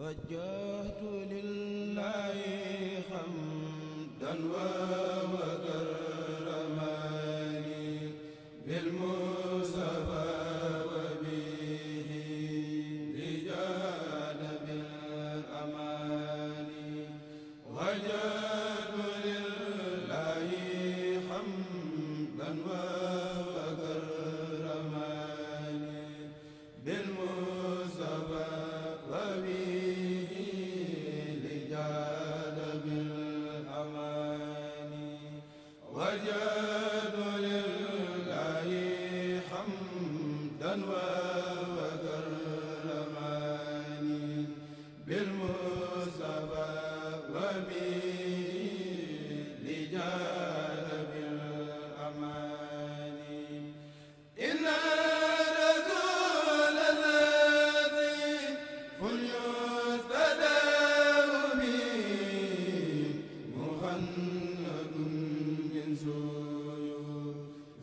وجهت لله حمدا وكرمني بالمصطفى وبه لجان بالامان وجهت لله حمدا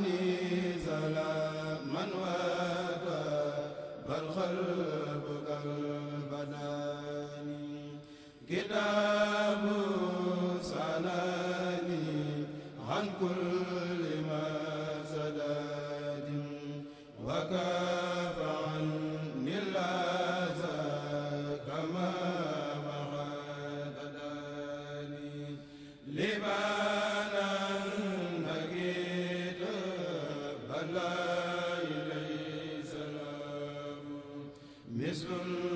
ni misun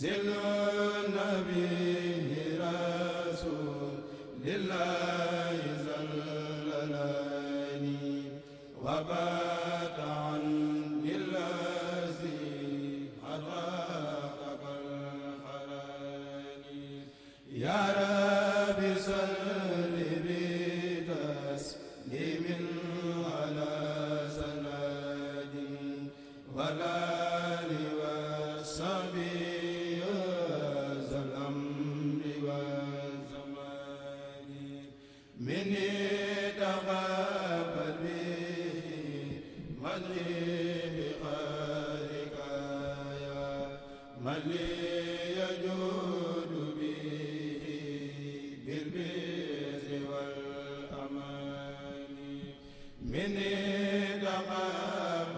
zelo من دمى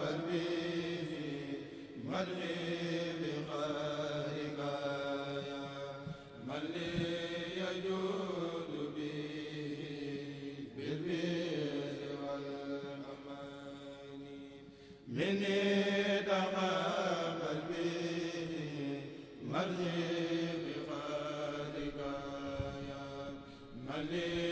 قلبي مدعي salli